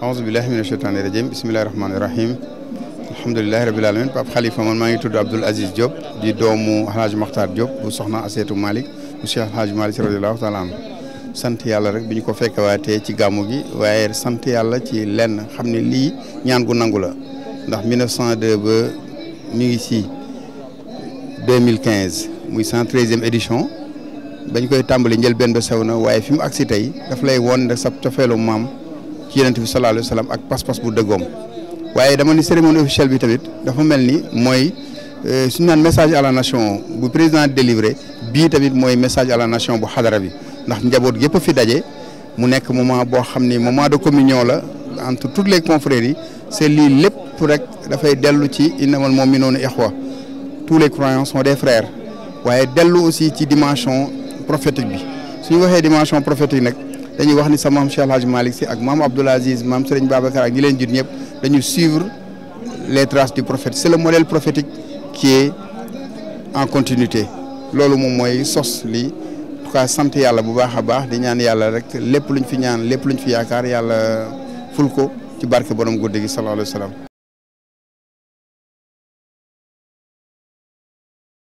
aousubillahi mina sheytaani rajim bisimilahi rahmaani rahim alhamdulilahi rabil alamin Pape Khalifa man maa ngi tudd Abdoul Aziz Diop di doomu Alhaaj Makhtar Diop bu soxna Aseetu Malick bu Cheikh Alhaaj Malick radiallahu taala anhu sant yàlla rek bi ñu ko fekkewaatee ci gàmmu gi waaye sant yàlla ci lenn xam ne lii ñaan gu nangu la ndax 1902 ba ñu ngi si 2015 muy 113e édition bañ koy tàmbali njël benn ba sew na waaye fi mu agsi tey daf lay won rek sa cofeelu maam ci yonent bi sallallahu alayhi ak pas-pas bu dëggoom waaye dama ni cérémonie officielle bi tamit dafa mel ni mooy euh, suñu naan message à la nation bu président délivré bii tamit mooy message à la nation bu xadara bi ndax njaboot gépp a fi daje mu nekk moment boo xam ni moment de communion la entre toutes les confréries yi c'est lii lépp rek dafay dellu ci moom mi noonu ixwa tous les croyants sont des frères waaye dellu aussi ci dimension prophétique bi suñu waxee dimension prophétique nag dañuy wax ni sa maam Cheikh El Hadj Malick Sy ak maam Abdoul Aziz maam Serigne Babacar ak ñi leen jur ñëpp dañu suivre les traces du prophète c'est le modèle prophétique qui en continuité loolu moom mooy sos li en tout cas sant yàlla bu baax a baax di ñaan yàlla rek lépp luñ fi ñaan lépp luñ fi yaakaar yàlla ful ko ci barke borom guddi gi sallallahu alayhi wa sallam